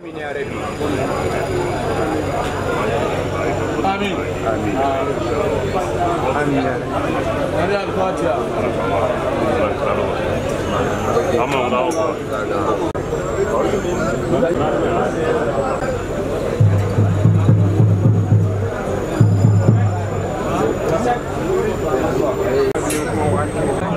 آمين يا رب آمين آمين آمين يا رب الفاتحة أمام الله Thank you.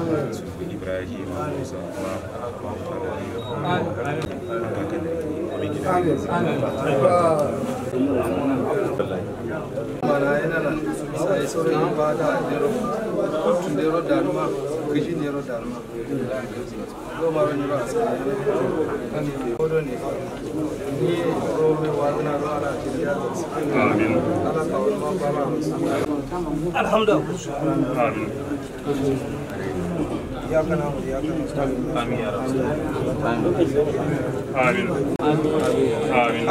ibrahim musa ma mana yana nan sai sauran ba da dero kotun dero da ma kaji dero da ma ko maro ni ba sai kan ni ko do ni ni ro me wa na ro ala ti ya amin ala ka wa ba ba alhamdulillah amin إياك نعبد وإياك نستعين آمين يا رب آمين آمين آمين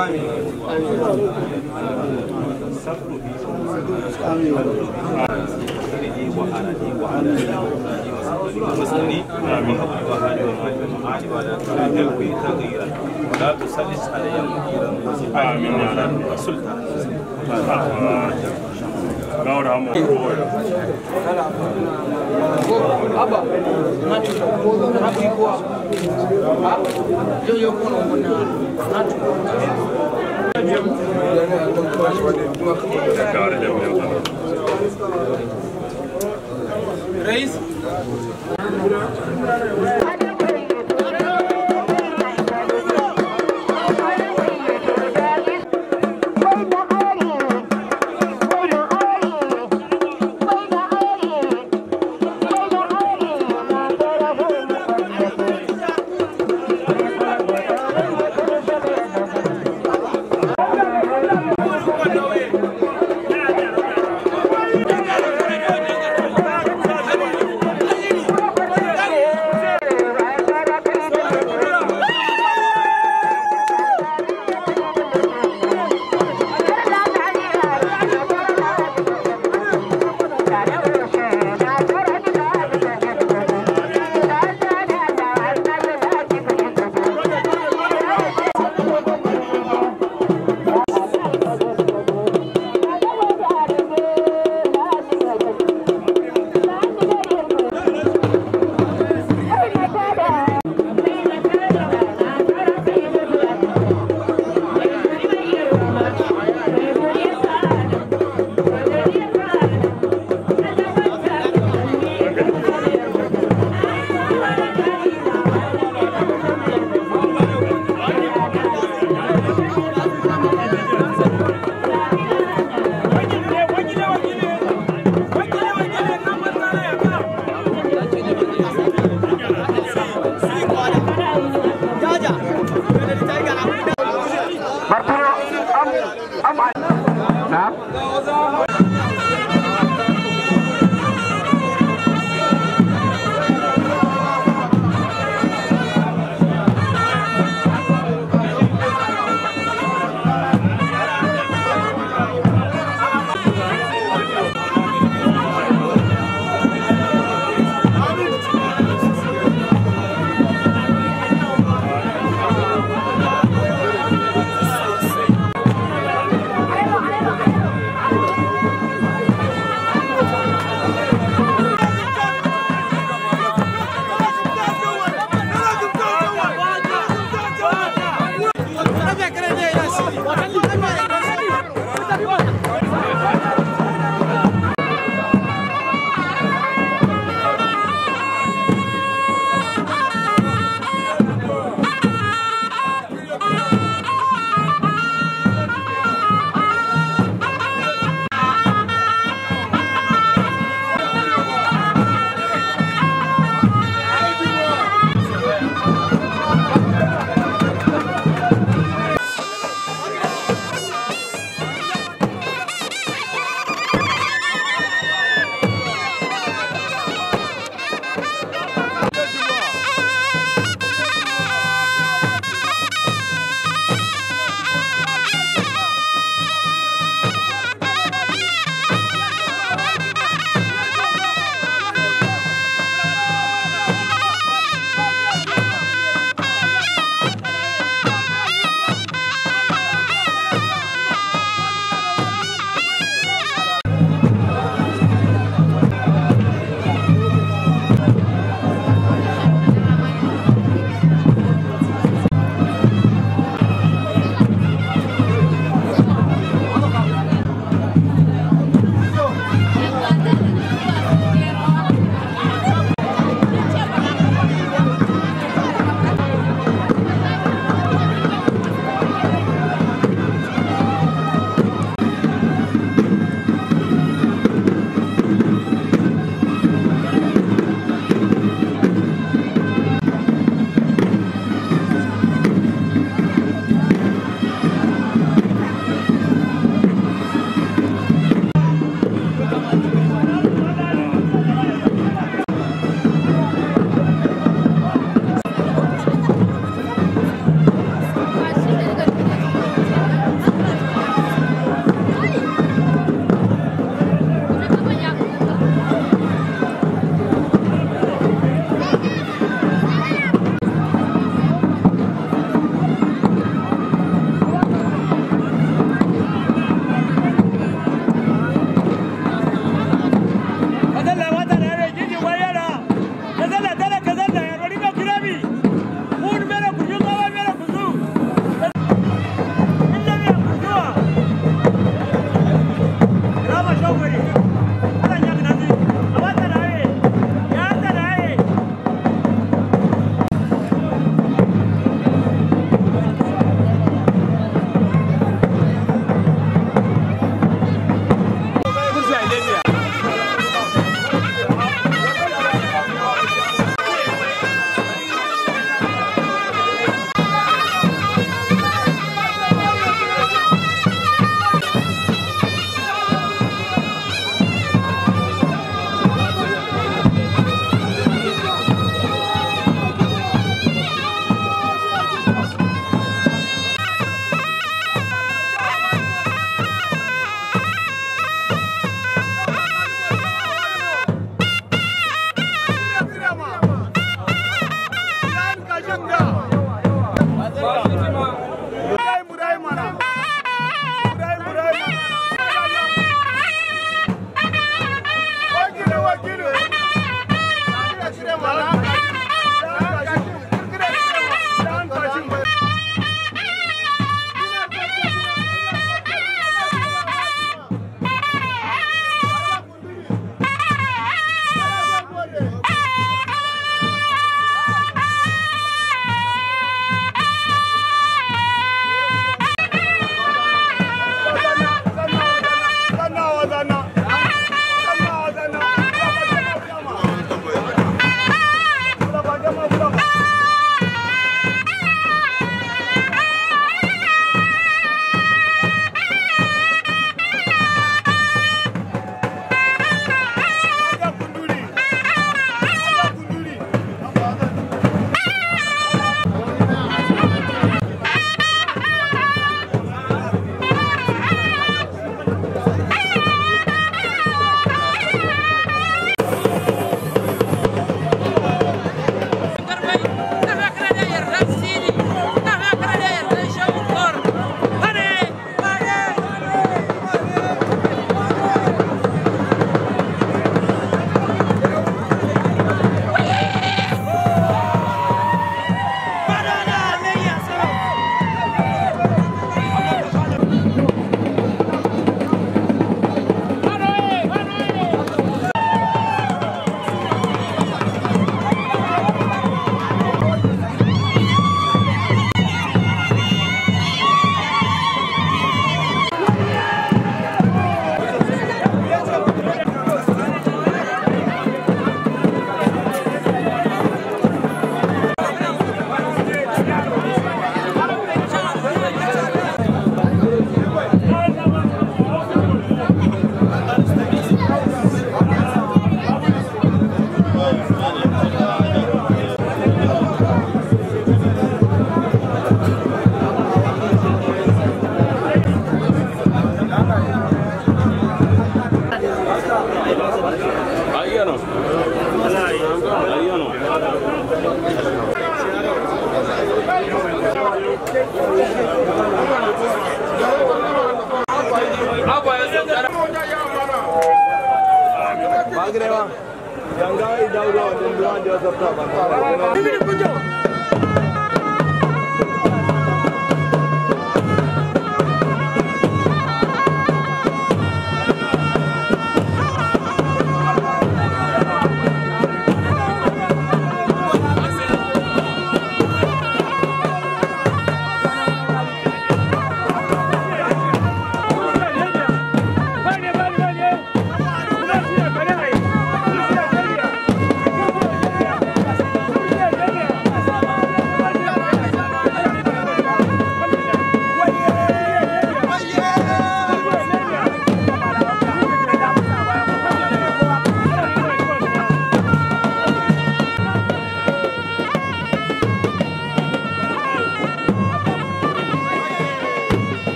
ولا تسلط عليهم مديرا آمين يا رب سلطان Naona hamu Rais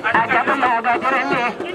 I got the love, I got a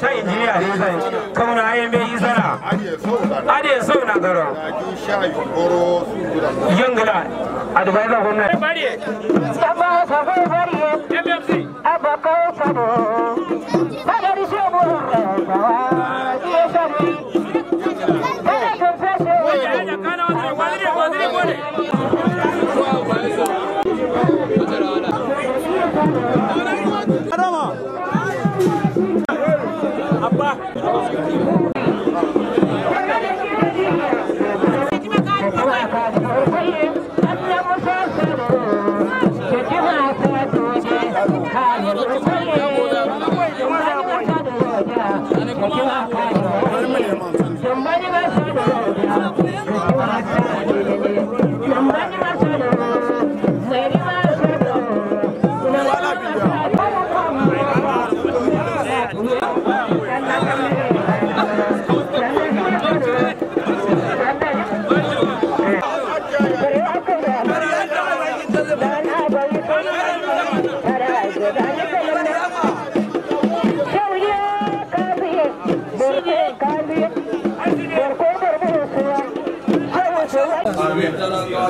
shan injiniya ne zai kamar ayin bai yi sana ade so na garo yungla advisor gwamna saba sabo bariye abakau sabo sadari sabo rawa iya sabo Thank you.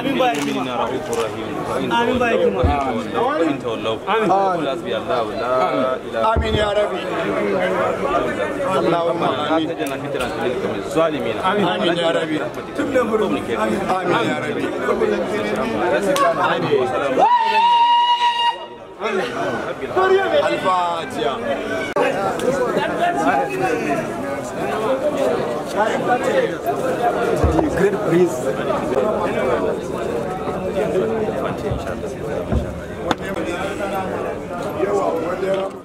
آمين بايك جماعة إنا رؤوف رحيم آمين بايك جماعة وإن تولوا قل حسبي الله لا إله آمين يا ربي اللهم آمين لا تجعلنا فتنة للقوم الظالمين آمين يا ربي آمين يا ربي الفاتحة Thank you. great breeze. Whatever.